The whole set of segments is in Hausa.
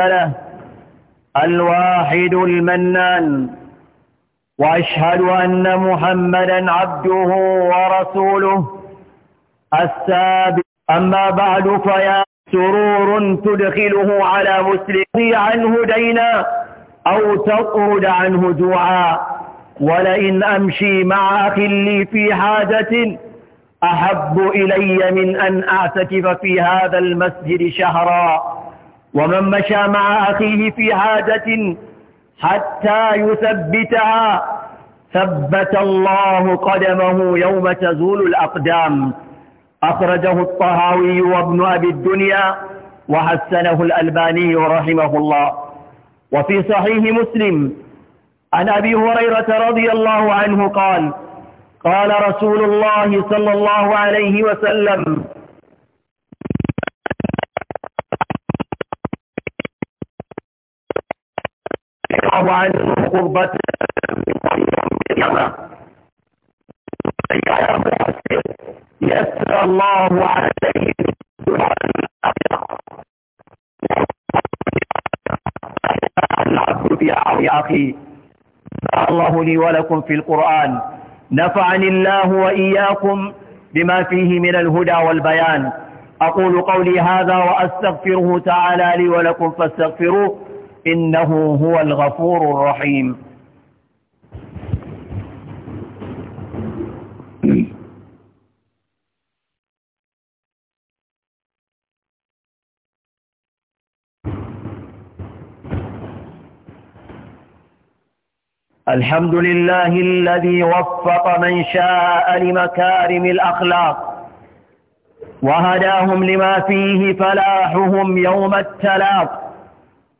له الواحد المنان وأشهد أن محمدا عبده ورسوله السابق أما بعد فيا سرور تدخله على مسلم عنه دينا أو تطرد عنه دعاء ولئن أمشي مع أخي لي في حاجة أحب إلي من أن أعتكف في هذا المسجد شهرا ومن مشى مع أخيه في حاجة حتى يثبتها ثبت الله قدمه يوم تزول الأقدام أخرجه الطهاوي وابن أبي الدنيا وحسنه الألباني رحمه الله وفي صحيح مسلم عن أبي هريرة رضي الله عنه قال قال رسول الله صلى الله عليه وسلم عن يسر الله عليه يا أخي الله لي ولكم في القرآن نفعني الله وإياكم بما فيه من الهدى والبيان أقول قولي هذا وأستغفره تعالى لي ولكم فاستغفروه إنه هو الغفور الرحيم الحمد لله الذي وفق من شاء لمكارم الأخلاق وهداهم لما فيه فلاحهم يوم التلاق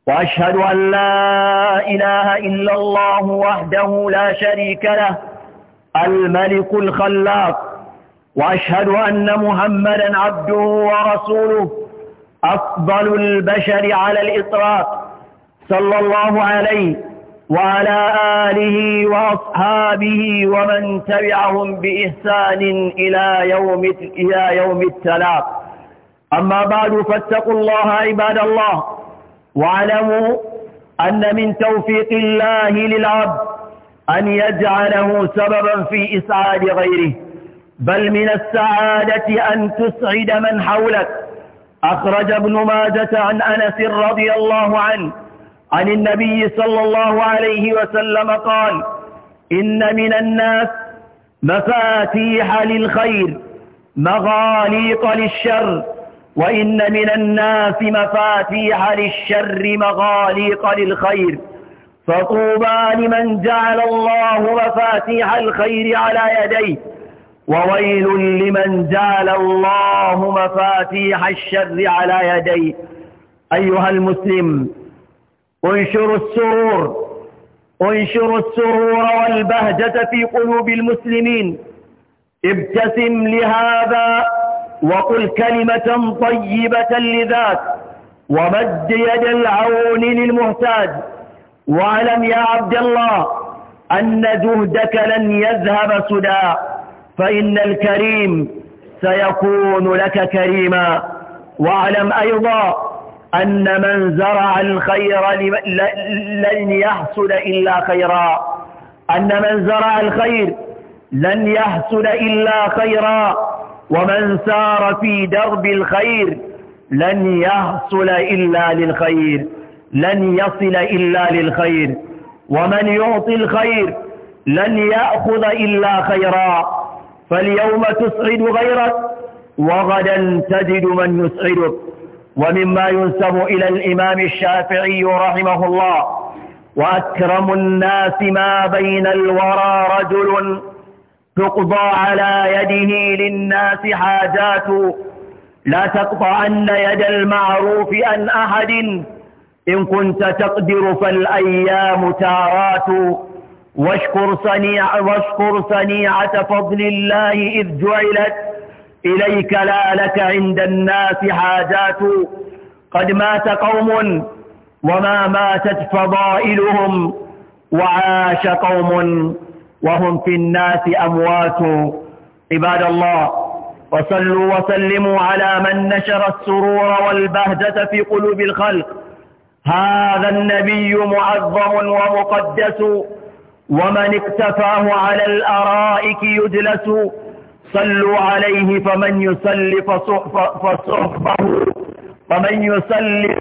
وأشهد أن لا إله إلا الله وحده لا شريك له الملك الخلاق وأشهد أن محمدا عبده ورسوله أفضل البشر على الإطلاق صلى الله عليه وعلى آله وأصحابه ومن تبعهم بإحسان إلى يوم إلى يوم التلاق أما بعد فاتقوا الله عباد الله واعلموا أن من توفيق الله للعبد أن يجعله سببا في إسعاد غيره بل من السعادة أن تسعد من حولك أخرج ابن ماجة عن أنس رضي الله عنه عن النبي صلى الله عليه وسلم قال إن من الناس مفاتيح للخير مغاليق للشر وإن من الناس مفاتيح للشر مغاليق للخير فطوبى لمن جعل الله مفاتيح الخير على يديه وويل لمن جعل الله مفاتيح الشر على يديه أيها المسلم انشروا السرور انشروا السرور والبهجة في قلوب المسلمين ابتسم لهذا وقل كلمة طيبة لذاك ومد يد العون للمهتاج واعلم يا عبد الله أن جهدك لن يذهب سدى فإن الكريم سيكون لك كريما واعلم أيضا أن من زرع الخير لن يحصد إلا خيرا أن من زرع الخير لن يحصد إلا خيرا ومن سار في درب الخير لن يحصل إلا للخير لن يصل إلا للخير ومن يعطي الخير لن يأخذ إلا خيرا فاليوم تسعد غيرك وغدا تجد من يسعدك ومما ينسب إلى الإمام الشافعي رحمه الله وأكرم الناس ما بين الورى رجل تقضى على يده للناس حاجات لا تقطعن يد المعروف عن أحد إن كنت تقدر فالأيام تارات واشكر, صنيع واشكر صنيعة فضل الله إذ جعلت إليك لا لك عند الناس حاجات قد مات قوم وما ماتت فضائلهم وعاش قوم وهم في الناس أموات عباد الله وصلوا وسلموا على من نشر السرور والبهجة في قلوب الخلق هذا النبي معظم ومقدس ومن اقتفاه على الأرائك يجلس صلوا عليه فمن يسل فصحبه فمن يسل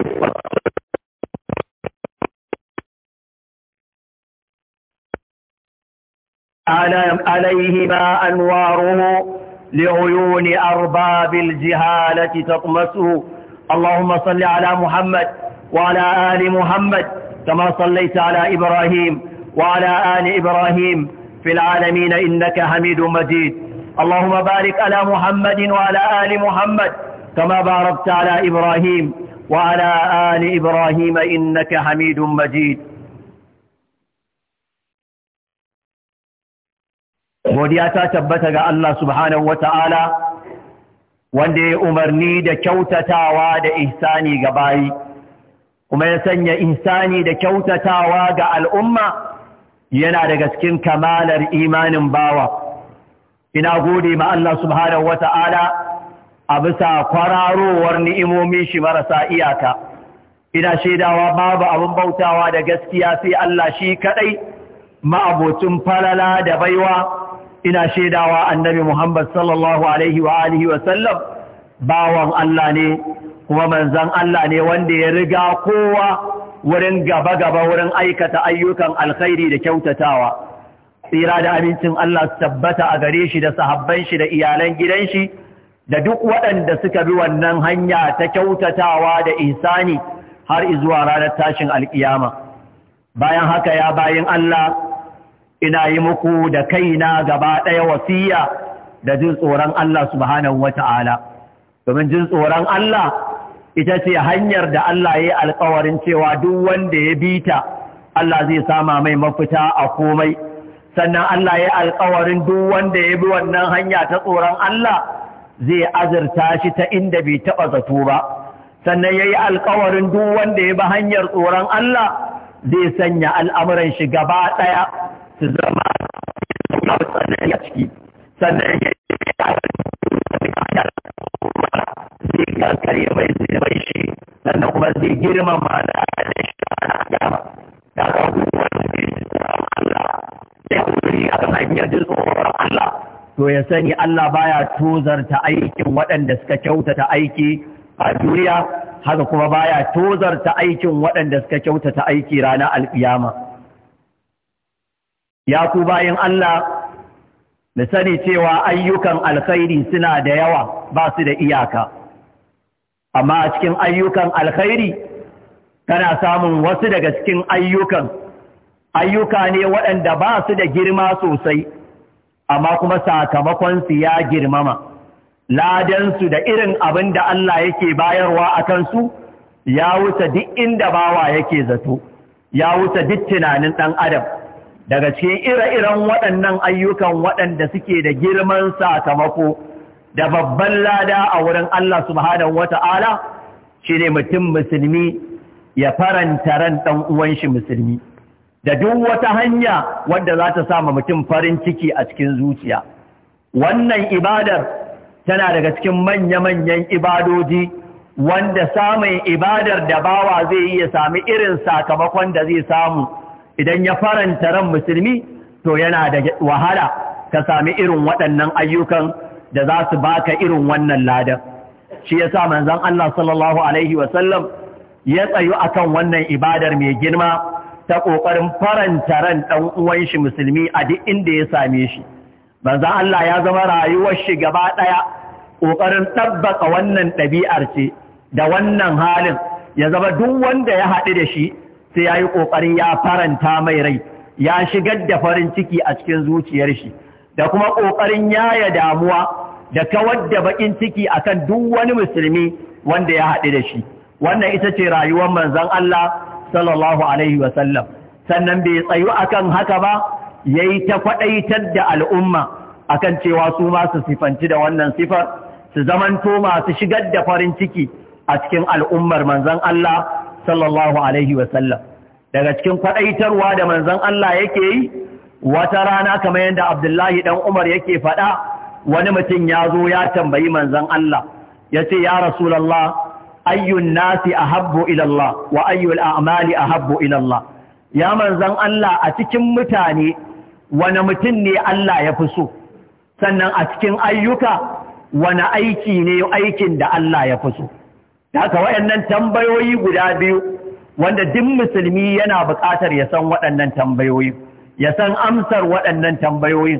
عليهما أنواره لعيون أرباب الجهالة تطمسه اللهم صل على محمد وعلى آل محمد كما صليت على إبراهيم وعلى آل إبراهيم في العالمين إنك حميد مجيد اللهم بارك على محمد وعلى آل محمد كما باركت على إبراهيم وعلى آل إبراهيم إنك حميد مجيد godiya ta tabbata ga Allah subhanahu wata'ala wanda ya umarni da kyautatawa da ihsani ga bayi kuma ya sanya ihsani da kyautatawa ga al'umma yana daga cikin kamalar imanin bawa ina gode ma Allah subhanahu wata'ala a bisa kwararowar ni'imomin shi marasa iyaka ina shaidawa babu abin bautawa da gaskiya sai Allah shi kadai ma'abocin falala da baiwa ina shaidawa annabi Muhammad sallallahu alaihi wa alihi wa sallam bawan Allah ne kuma manzan Allah ne wanda ya riga kowa wurin gaba-gaba wurin aikata ayyukan alkhairi da kyautatawa tsira da amincin Allah su tabbata a gare shi da sahabban shi da iyalan gidan shi da duk waɗanda suka bi wannan hanya ta kyautatawa da ihsani har izuwa ranar tashin alkiyama bayan haka ya bayin Allah ina yi muku da kaina gaba ɗaya wasiya da jin tsoron Allah subhanahu wata'ala domin jin tsoron Allah ita ce hanyar da Allah ya yi alkawarin cewa duk wanda ya bi ta Allah zai sama mai mafita a komai sannan Allah ya yi alkawarin duk wanda ya bi wannan hanya ta tsoron Allah zai azurta shi ta inda bai taɓa zato ba sannan ya yi alkawarin duk wanda ya bi hanyar tsoron Allah zai sanya al'amuran shi gaba ɗaya su zama masu tsanani a ciki sannan ya yi zai mai shi sannan kuma zai girmama da da shi ana gama ga da Allah ya a kan hanyar Allah to ya sani Allah baya tozarta aikin waɗanda suka kyautata aiki a duniya haka kuma baya tozarta aikin waɗanda suka kyautata aiki ranar alƙiyama. ya ku bayan Allah da sani cewa ayyukan alkhairi suna da yawa ba su da iyaka amma a cikin ayyukan alkhairi kana samun wasu daga cikin ayyukan ayyuka ne waɗanda ba su da girma sosai amma kuma sakamakonsu ya girmama ladansu da irin abin da Allah yake bayarwa a kansu ya wuce duk inda bawa yake zato ya wuce duk tunanin ɗan adam daga cikin ire-iren waɗannan ayyukan waɗanda suke da girman sakamako da babban lada a wurin Allah subhanahu ta'ala) shi ne mutum musulmi ya faranta ran ɗan uwan shi musulmi da duk wata hanya wadda za ta sama mutum farin ciki a cikin zuciya wannan ibadar tana daga cikin manya-manyan ibadoji wanda samun ibadar da bawa zai iya sami irin sakamakon da zai samu idan ya faranta ran musulmi to yana da wahala ka sami irin waɗannan ayyukan da za su baka irin wannan ladan shi yasa manzon Allah sallallahu alaihi wasallam ya tsayu akan wannan ibadar mai girma ta ƙoƙarin faranta ran ɗan uwan shi musulmi a duk inda ya same shi manzan Allah ya zama rayuwar shi gaba ɗaya ƙoƙarin tabbaka wannan ɗabi'ar ce da wannan halin ya zama duk wanda ya haɗu da shi sai ya yi ƙoƙarin ya faranta mai rai ya shigar da farin ciki a cikin zuciyar shi da kuma ƙoƙarin yaya damuwa da kawar da baƙin ciki akan duk wani musulmi wanda ya haɗu da shi wannan ita ce rayuwar manzon Allah sallallahu alaihi wasallam sannan bai tsayu akan haka ba yayi ta kwaɗaitar da al'umma akan cewa su masu su sifanci da wannan sifar su zamanto masu shigar da farin ciki a cikin al'ummar manzon Allah sallallahu alaihi wasallam daga cikin kwadaitarwa da manzon Allah yake yi wata rana kamar yadda Abdullahi dan Umar yake faɗa wani mutum ya zo ya tambayi manzon Allah Ya ce ya rasulallah, ayyun nasi ahabbu ila Allah wa ayyul a'mali ahabbu ila Allah ya manzon Allah a cikin mutane wani mutum ne Allah ya fi so sannan a cikin ayyuka wani aiki ne aikin da Allah ya fi so Da haka waɗannan tambayoyi guda biyu wanda duk musulmi yana buƙatar ya san waɗannan tambayoyi ya san amsar waɗannan tambayoyin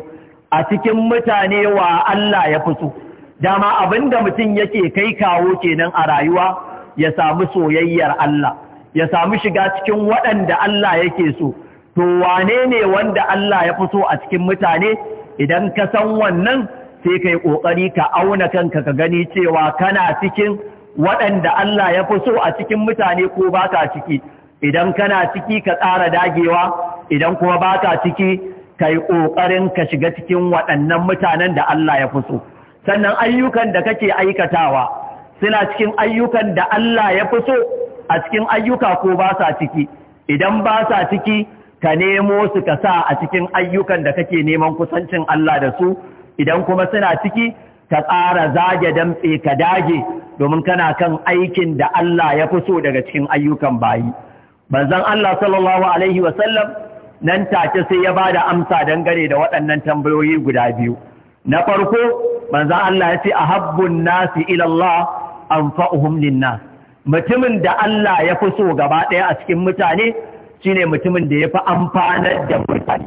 a cikin mutane wa Allah ya fito dama da mutum yake kai kawo kenan a rayuwa ya samu soyayyar Allah ya samu shiga cikin waɗanda Allah yake so to wane ne wanda Allah ya fito a cikin mutane idan ka san wannan sai kai kokari ka auna kanka ka gani cewa kana cikin waɗanda Allah ya fi so a cikin mutane ko baka ciki idan kana ciki ka tsara dagewa idan kuma baka ciki ka yi ƙoƙarin ka shiga cikin waɗannan mutanen da Allah ya fi so sannan ayyukan da kake aikatawa suna cikin ayyukan da Allah ya fi so a cikin ayyuka ko ba sa ciki idan ba sa ciki ka nemo su ka sa a cikin ayyukan da kake neman kusancin Allah da su idan kuma suna ciki ka tsara zage damtse ka dage domin kana kan aikin da Allah ya fi so daga cikin ayyukan bayi Banzan Allah sallallahu alaihi wasallam nan take sai ya ba da amsa dangane da waɗannan tambayoyi guda biyu na farko banzan Allah ya ce a habbun nasi ilallah an anfa'uhum ninna. mutumin da Allah ya fi so gaba ɗaya a cikin mutane shine mutumin da ya fi amfanar da mutane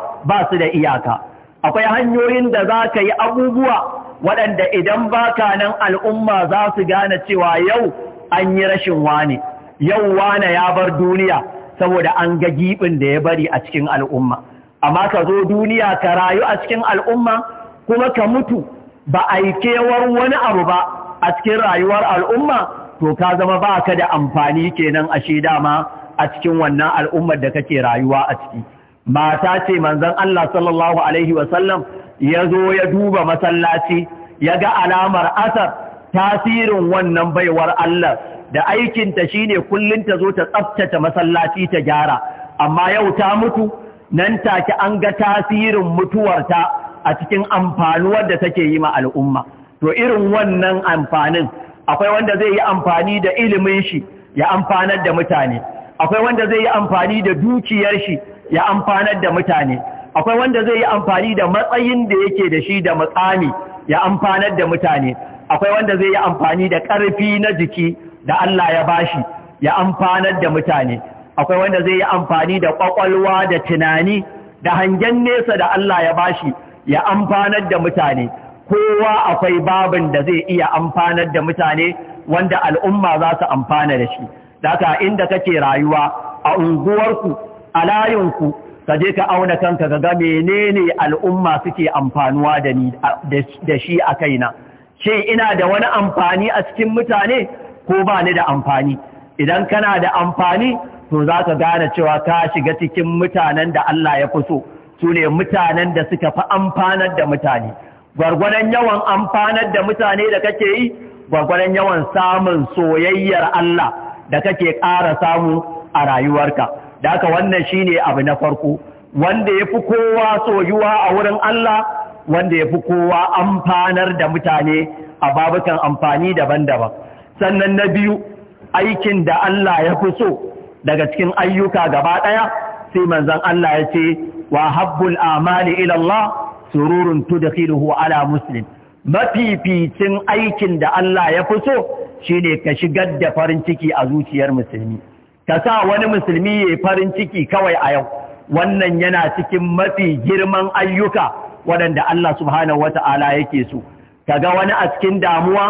ba su da iyaka akwai hanyoyin da za ka yi abubuwa waɗanda idan baka nan al'umma za su gane cewa yau an yi rashin wane yau wane ya bar duniya saboda an ga giɓin da ya bari a cikin al'umma amma ka zo duniya ka rayu a cikin al'umma kuma ka mutu ba a yi kewar wani abu ba a cikin rayuwar al'umma to ka zama ba ka da amfani kenan a ashe dama a cikin wannan al'ummar da kake rayuwa a ciki mata ce manzan Allah sallallahu alaihi wasallam ya zo ya duba masallaci ya ga alamar asar tasirin wannan baiwar Allah da aikinta shi ne kullum ta zo ta tsaftace masallaci ta gyara amma yau ta mutu nan take an ga tasirin mutuwarta a cikin amfanuwar da take yi ma al'umma to irin wannan amfanin akwai wanda zai yi amfani da ilimin shi ya amfanar da mutane akwai wanda zai yi amfani da dukiyar shi ya amfanar da mutane akwai wanda zai yi amfani da matsayin da yake da shi da matsami ya amfanar da mutane akwai wanda zai yi amfani da ƙarfi na jiki da Allah ya bashi ya amfanar da mutane akwai wanda zai yi amfani da ƙwaƙwalwa da tunani da hangen nesa da Allah ya bashi ya amfanar da mutane kowa akwai babin da zai iya amfanar da mutane wanda al'umma za su amfana da shi. Daka inda kake rayuwa a unguwarku a layinku ka je ka auna kanka ga ga menene al'umma suke amfanuwa da shi a kaina shin ina da wani amfani a cikin mutane ko ba ni da amfani idan kana da amfani to za ka gane cewa ka shiga cikin mutanen da Allah ya fi so su ne mutanen da suka fi amfanar da mutane gwargwadon yawan amfanar da mutane da kake yi gwargwadon yawan samun soyayyar Allah da kake ƙara samu a rayuwarka da haka wannan shi ne abu na farko wanda ya fi kowa soyuwa a wurin Allah wanda ya fi kowa amfanar da mutane a babukan amfani daban-daban sannan na biyu aikin da Allah ya fi so daga cikin ayyuka gaba ɗaya sai manzon Allah ya ce wa habbul amali ilallah sururun tudkhiluhu ala muslim mafificin aikin da Allah ya fi so shine ka shigar da farin ciki a zuciyar musulmi ka sa wani musulmi ya farin ciki kawai a yau wannan yana cikin mafi girman ayyuka waɗanda Allah subhanahu wata'ala yake so ka ga wani a cikin damuwa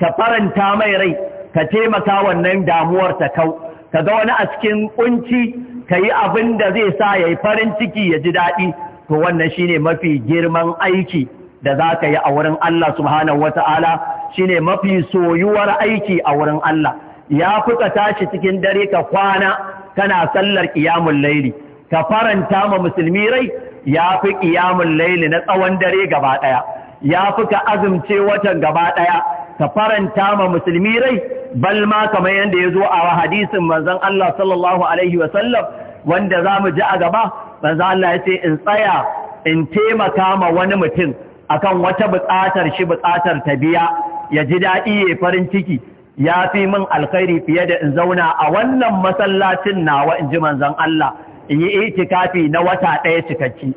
ka faranta mai rai ka taimaka wannan damuwar ta kau ka ga wani a cikin kunci ka yi abin da zai sa ya yi farin ciki ya ji daɗi to wannan shine mafi girman aiki da za ka yi a wurin Allah subhanahu wata'ala shine mafi soyuwar aiki a wurin Allah ya fi ka tashi cikin dare ka kwana kana sallar ƙiyamun laili ka faranta ma musulmi rai ya fi ƙiyamun laili na tsawon dare gaba ɗaya ya fi ka azumce watan gaba ɗaya ka faranta ma musulmi rai bal ma kamar yadda ya zo a hadisin manzon Allah sallallahu alaihi wasallam wanda za mu ji a gaba manzon Allah ya ce in tsaya in taimaka ma wani mutum akan wata buƙatar shi buƙatar ta biya ya ji daɗi ya farin ciki ya fi min alkhairi fiye da in zauna a wannan masallacin nawa in ji manzon Allah in yi itikafi na wata ɗaya cikakki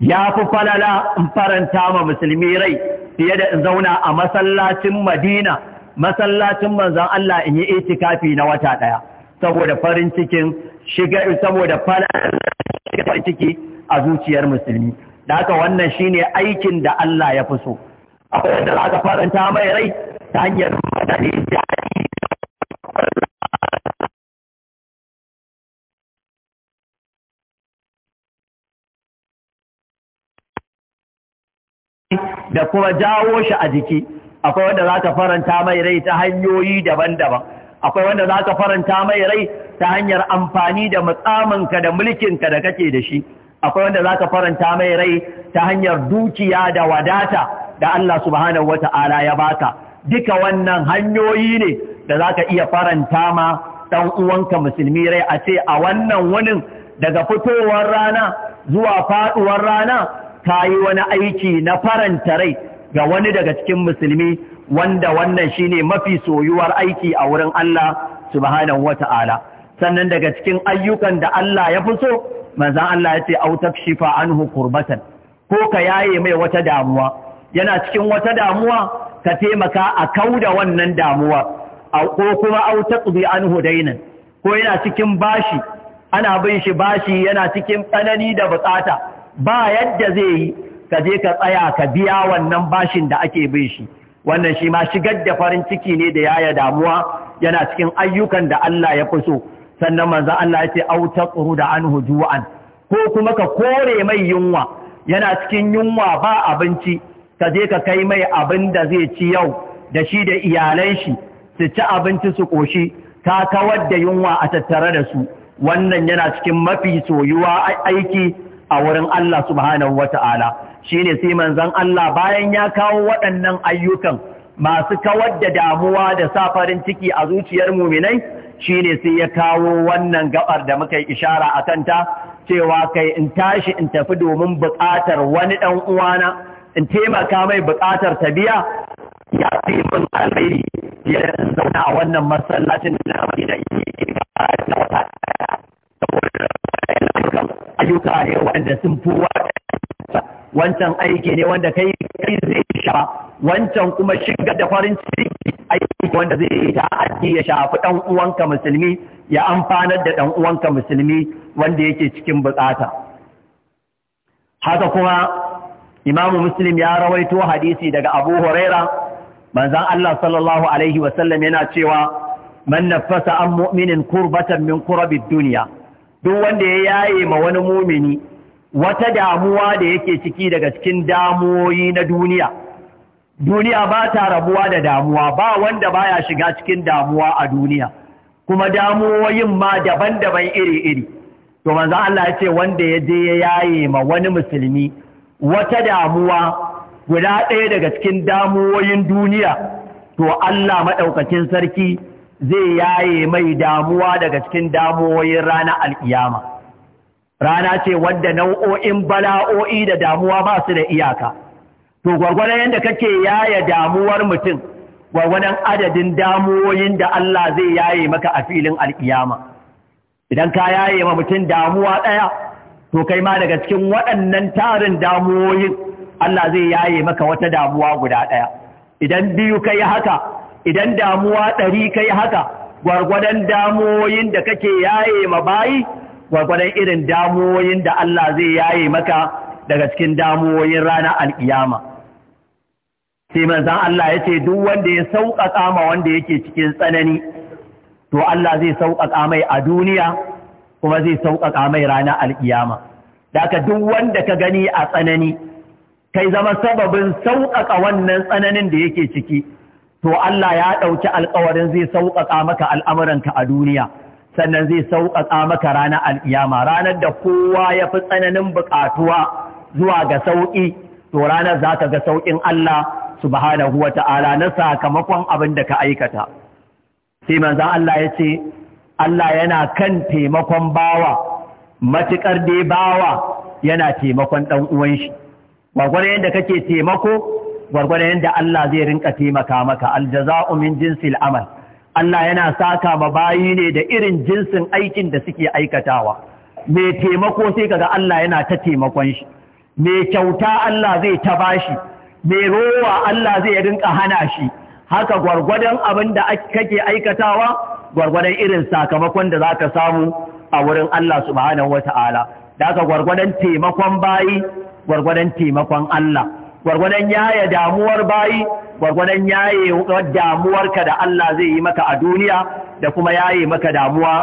ya fi falala in faranta ma musulmi rai fiye da in zauna a masallacin Madina masallacin manzon Allah in yi itikafi na wata ɗaya saboda farin cikin shiga saboda farin ciki a zuciyar musulmi da haka wannan shine aikin da Allah ya fi so akwai da ka faranta mai rai ta hanyar da kuma jawo shi a jiki akwai wanda za ka faranta mai rai ta hanyoyi daban-daban akwai wanda za ka faranta mai rai ta hanyar amfani da matsaminka da mulkinka da kake da shi akwai wanda za ka faranta mai rai ta hanyar dukiya da wadata da Allah subhanahu wata'ala ya baka duka wannan hanyoyi ne da za ka iya faranta ma ɗan uwanka musulmi rai a ce a wannan wunin daga fitowar rana zuwa faɗuwar rana ka yi wani aiki na faranta rai ga wani daga cikin musulmi wanda wannan shine mafi soyuwar aiki a wurin Allah subhanahu wata'ala sannan daga cikin ayyukan da Allah ya fi so manzan Allah ya ce au shifa anhu kurbatan ko ka yaye mai wata damuwa yana cikin wata damuwa ka taimaka a kau da wannan damuwa ko kuma au tsubi an hudainan ko yana cikin bashi ana bin shi bashi yana cikin tsanani da bukata ba yadda zai yi ka je ka tsaya ka biya wannan bashin da ake bin shi wannan shi ma shigar da farin ciki ne da yaya damuwa yana cikin ayyukan da Allah ya fi so sannan manzo Allah ya ce auta tsuru da an hujuan ko kuma ka kore mai yunwa yana cikin yunwa ba abinci ka je ka kai mai abin da zai ci yau da shi da iyalan shi su ci abinci su ƙoshi ta kawar da yunwa a tattare da su wannan yana cikin mafi soyuwa aiki a wurin Allah subhanahu wata'ala ne sai manzon Allah bayan ya kawo waɗannan ayyukan masu kawar da damuwa da sa farin ciki a zuciyar muminai ne sai ya kawo wannan gabar da muka yi ishara a kanta cewa kai in tashi in tafi domin buƙatar wani ɗan uwana in taimaka mai buƙatar ta biya ya fi mun alheri ya zauna a wannan masallacin na madina na wata ayyuka ne wanda sun fi wancan aiki ne wanda kai kai zai sha wancan kuma shigar da farin ciki aiki wanda zai yi ta aiki ya shafi dan uwanka musulmi ya amfanar da dan uwanka musulmi wanda yake cikin bukata haka kuma imamu muslim ya rawaito hadisi daga abu huraira manzan Allah sallallahu alaihi wasallam yana cewa man nafasa an mu'minin kurbatan min kurabid duniya duk wanda ya yaye ma wani mumini wata damuwa da yake ciki daga cikin damuwoyi na duniya duniya ba ta rabuwa da damuwa ba wanda baya shiga cikin damuwa a duniya kuma damuwoyin ma daban-daban iri-iri to manzan Allah ya ce wanda ya je ya yaye ma wani musulmi wata damuwa guda ɗaya daga cikin damuwoyin duniya to Allah maɗaukakin sarki zai yaye mai damuwa daga cikin damuwoyin rana al'iyama rana ce wadda nau'o'in bala'o'i da damuwa ba su da iyaka to gwargwadon yadda kake yaya damuwar mutum gwagwanan adadin damuwoyin da Allah zai yaye maka a filin al'iyama idan ka yaye ma mutum damuwa ɗaya to kai ma daga cikin waɗannan tarin damuwoyi Allah zai yaye maka wata damuwa guda ɗaya idan biyu kai haka idan damuwa ɗari kai haka gwargwadon damuwoyin da kake yaye ma bayi gwargwadon irin damuwoyin da Allah zai yaye maka daga cikin damuwoyin rana al'iyama sai manzan Allah ya ce duk wanda ya sauƙaƙa ma wanda yake cikin tsanani to Allah zai sauƙaƙa mai a duniya kuma zai sauƙaƙa mai ranar alƙiyama ka duk wanda ka gani a tsanani kai zama sababin sauƙaƙa wannan tsananin da yake ciki to Allah ya ɗauki alƙawarin zai sauƙaƙa maka al'amuranka a duniya sannan zai sauƙaƙa maka rana al'iyama ranar da kowa ya fi tsananin buƙatuwa zuwa ga sauƙi to ranar za ka ga sauƙin Allah subhanahu wa ta'ala na sakamakon abin da ka aikata sai manzan Allah ya ce Allah yana kan taimakon bawa matukar dai bawa yana taimakon ɗan uwan shi gwargwadon yadda kake taimako gwargwadon yadda Allah zai rinka taimaka maka aljaza'u min jinsil amal Allah yana saka ma bayi ne da irin jinsin aikin da suke aikatawa mai taimako sai kaga Allah yana ta taimakon shi mai kyauta Allah zai ta bashi mai rowa Allah zai rinka hana shi haka gwargwadon abin da kake aikatawa gwargwadon irin sakamakon da za ka samu a wurin Allah subhanahu wa ta'ala da aka gwargwadon taimakon bayi gwargwadon taimakon Allah gwargwadon yaya damuwar bayi gwargwadon yaye damuwarka da Allah zai yi maka a duniya da kuma yaye maka damuwa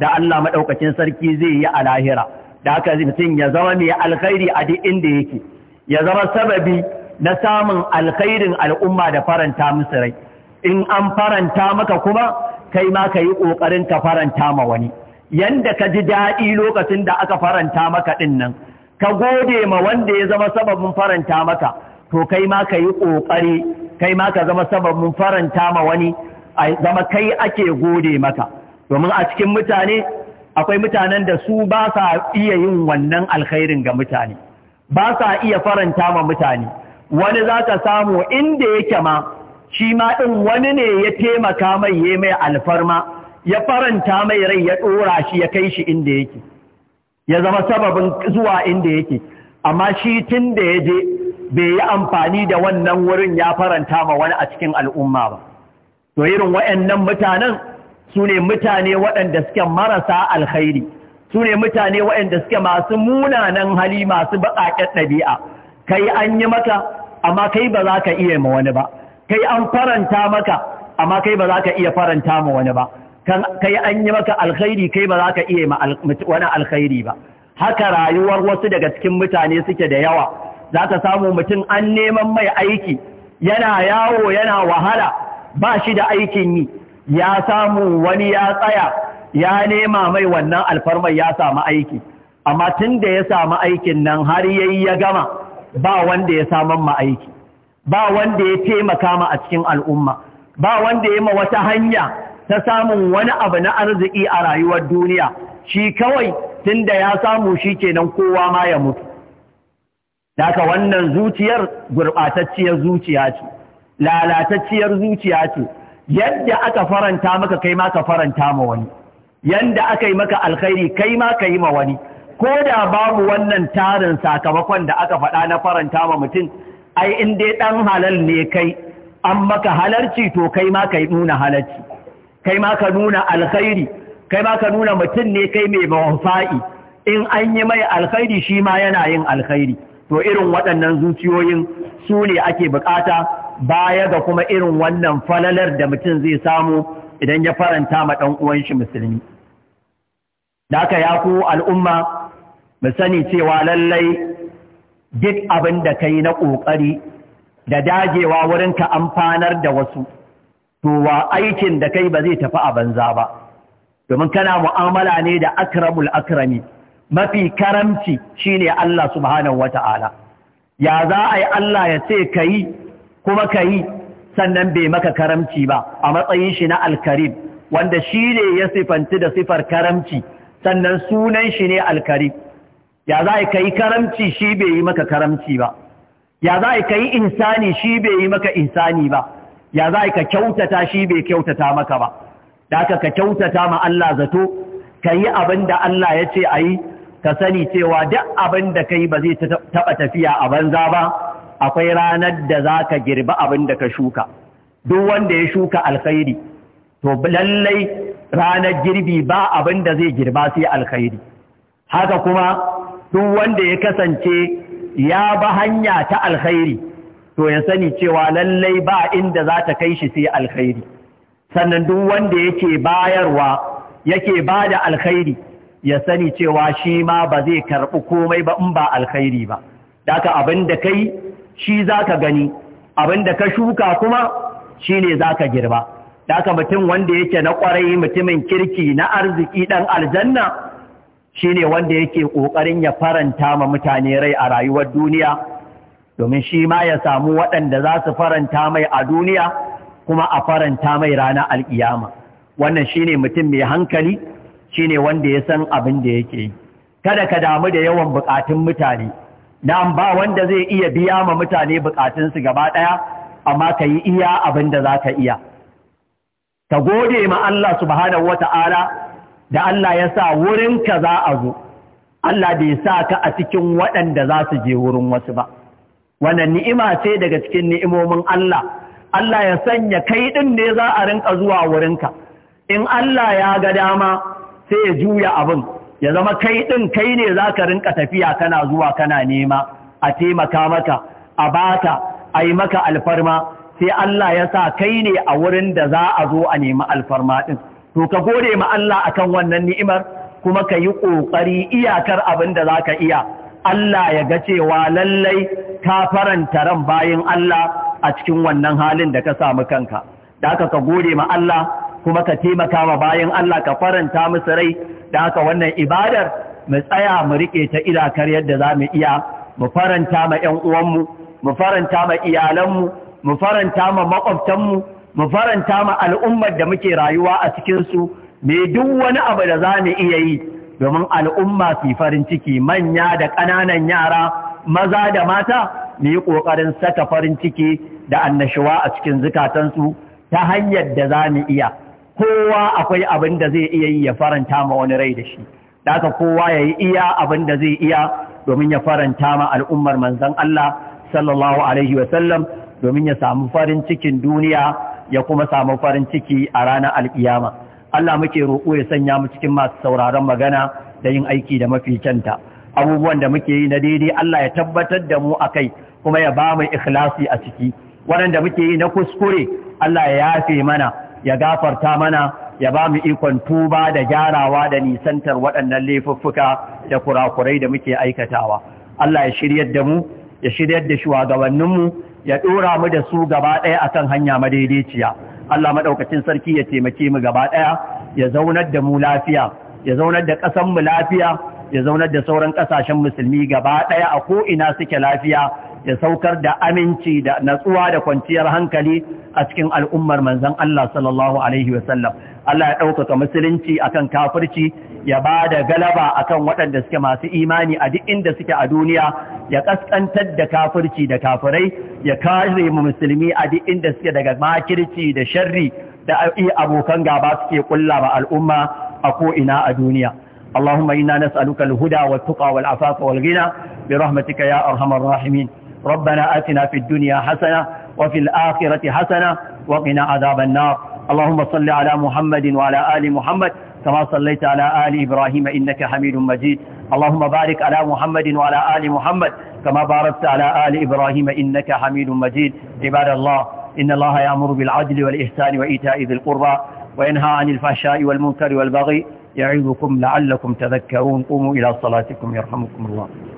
da Allah maɗaukacin sarki zai yi a lahira da haka mutum ya zama mai alkhairi a duk inda yake ya zama sababi na samun alkhairin al'umma da faranta musu rai in an faranta maka kuma kai ma ka yi ƙoƙarin ka faranta ma wani yanda ka ji daɗi lokacin da aka faranta maka ɗin nan ka gode ma wanda ya zama sababin faranta maka to kai ma ka yi ƙoƙari kai ma ka zama sababin faranta ma wani a zama kai ake gode maka domin a cikin mutane akwai mutanen da su ba sa iya yin wannan alkhairin ga mutane ba sa iya faranta ma mutane wani za ka samu inda yake ma shi ma ɗin wani ne ya taimaka mai ya mai alfarma ya faranta mai rai ya ɗora shi ya kai shi inda yake ya zama sababin zuwa inda yake amma shi tun da ya je bai yi amfani da wannan wurin ya faranta ma wani a cikin al'umma ba to irin waɗannan mutanen su ne mutane waɗanda suke marasa alkhairi su ne mutane waɗanda suke masu munanan hali masu baƙaƙen ɗabi'a kai an yi maka amma kai ba za ka iya ma wani ba kai an faranta maka amma kai ba za ka iya faranta ma wani ba kai an yi maka alkhairi kai ba za ka iya wani alkhairi ba haka rayuwar wasu daga cikin mutane suke da yawa za ka samu mutum an neman mai aiki yana yawo yana wahala ba shi da aikin yi ya samu wani ya tsaya ya nema mai wannan alfarmar ya samu aiki amma tun da ya samu aikin nan har yayi ya gama ba wanda ya samu ma aiki ba wanda ya taimaka ma a cikin al'umma ba wanda ya ma wata hanya ta samun wani abu na arziki a rayuwar duniya shi kawai tunda ya samu shi kenan kowa ma ya mutu daga wannan zuciyar gurɓatacciyar zuciya ce lalatacciyar zuciya ce yadda aka faranta maka kai ma ka faranta ma wani yadda aka yi maka alkhairi kai ma ka yi ma wani ko da babu wannan tarin sakamakon da aka faɗa na faranta ma mutum ai in dai ɗan halal ne kai an maka halarci to kai ma ka nuna halarci kai ma ka nuna alkhairi kai ma ka nuna mutum ne kai mai mawafa'i in an yi mai alkhairi shi ma yana yin alkhairi to irin waɗannan zuciyoyin su ne ake bukata baya ga kuma irin wannan falalar da mutum zai samu idan ya faranta ma ɗan uwan shi musulmi. Da aka ya ku al'umma, mu sani cewa lallai duk abin da ka yi na ƙoƙari da dajewa wurin ka amfanar da wasu, to wa aikin da kai ba zai tafi a banza ba, domin kana mu'amala ne da akramul akrami, mafi karamci shine Allah subhanahu wata'ala. Ya za a yi Allah ya ce ka yi kuma ka yi sannan bai maka karamci ba a matsayin shi na alkarib, wanda shi ne ya sifanti da sifar karamci, sannan sunan shi ne alkarib. ya za a yi karamci shi bai yi maka karamci ba ya za a yi insani shi bai yi maka insani ba ya za ka kyautata shi bai kyautata maka ba da aka ka kyautata ma Allah zato ka yi abin da Allah ya ce a yi ka sani cewa duk abin da ka yi ba zai taɓa tafiya a banza ba akwai ranar da za ka girbi abin da ka shuka duk wanda ya shuka alkhairi to lallai ranar girbi ba abin da zai girba sai alkhairi haka kuma duk wanda ya kasance ya ba hanya ta alkhairi to ya sani cewa lallai ba inda za ta kai shi sai alkhairi sannan duk wanda yake bayarwa yake ba da alkhairi ya sani cewa shi ma ba zai karɓi komai ba in ba alkhairi ba daga abin da kai shi za ka gani abin da ka shuka kuma shi ne za ka girba daga mutum wanda yake na kwarai mutumin kirki na arziki ɗan aljanna Shi ne wanda yake ƙoƙarin ya faranta ma mutane rai a rayuwar duniya domin shi ma ya samu waɗanda za su faranta mai a duniya kuma a faranta mai rana al'iyama. wannan shi ne mutum mai hankali Shi ne wanda ya san abin da yake yi kada ka damu da yawan buƙatun mutane na'am ba wanda zai iya biya ma mutane buƙatunsu gaba ɗaya amma ka yi iya abin da za ka iya ka gode ma Allah subhanahu wa ta'ala. da Allah ya sa wurinka za a zo Allah bai sa ka a cikin waɗanda za su je wurin wasu ba wannan ni'ima ce daga cikin ni'imomin Allah Allah ya sanya kai ɗin ne za a rinka zuwa wurinka in Allah ya ga dama sai ya juya abin ya zama kai ɗin kai ne za ka rinka tafiya kana zuwa kana nema a taimaka maka a bata a yi maka alfarma sai Allah ya sa kai ne a wurin da za a zo a nemi alfarma ɗin to ka gode ma Allah akan wannan ni'imar kuma ka yi ƙoƙari iyakar abin da za ka iya Allah ya ga cewa lallai ka faranta ran bayin Allah a cikin wannan halin da ka samu kanka da haka ka gode ma Allah kuma ka taimaka ma bayan Allah ka faranta musu rai da haka wannan ibadar mu tsaya mu rike ta idakar yadda za mu iya mu faranta ma 'yan uwanmu mu faranta ma iyalanmu mu faranta ma makwabtanmu mu faranta ma al'ummar da muke rayuwa a cikinsu me duk wani abu da za mu iya yi domin al'umma su farin ciki manya da ƙananan yara maza da mata mu yi ƙoƙarin saka farin ciki da annashuwa a cikin zukatansu ta hanyar da za mu iya kowa akwai abin da zai iya yi ya faranta ma wani rai da shi da kowa ya yi iya abin da zai iya domin ya faranta ma al'ummar manzon Allah sallallahu alaihi sallam domin ya samu farin cikin duniya ya kuma samu farin ciki a ranar alkiyama Allah muke roƙo ya sanya mu cikin masu sauraron magana da yin aiki da mafi kyanta abubuwan da muke yi na daidai Allah ya tabbatar da mu a kai kuma ya ba mu ikhlasi a ciki waɗanda muke yi na kuskure Allah ya yafe mana ya gafarta mana ya ba mu ikon tuba da gyarawa da nisantar waɗannan laifuffuka da kurakurai da muke aikatawa Allah ya shiryar da mu ya shiryar da shugabanninmu ya ɗora mu da su gaba ɗaya akan hanya madaidaiciya Allah maɗaukacin sarki ya taimake mu gaba ɗaya ya zaunar da mu lafiya ya zaunar da ƙasanmu mu lafiya ya zaunar da sauran kasashen musulmi gaba ɗaya a ko'ina suke lafiya ya saukar da aminci da natsuwa da kwanciyar hankali a cikin al'ummar manzan Allah sallallahu Alaihi wasallam. Allah ya ɗaukaka musulunci akan kafirci ya ba da galaba akan waɗanda suke masu imani a duk inda suke a duniya ya ƙasƙantar da kafirci da kafirai ya kare mu musulmi a duk inda suke daga makirci da sharri da abokan gaba suke ƙulla ba al'umma a ko'ina a duniya. اللهم إنا نسألك الهدى والتقى والعفاف والغنى برحمتك يا أرحم الراحمين ربنا آتنا في الدنيا حسنة وفي الآخرة حسنة وقنا عذاب النار اللهم صل على محمد وعلى آل محمد كما صليت على آل إبراهيم إنك حميد مجيد اللهم بارك على محمد وعلى آل محمد كما باركت على آل إبراهيم إنك حميد مجيد عباد الله إن الله يأمر بالعدل والإحسان وإيتاء ذي القربى وينهى عن الفحشاء والمنكر والبغي يعظكم لعلكم تذكرون قوموا إلى صلاتكم يرحمكم الله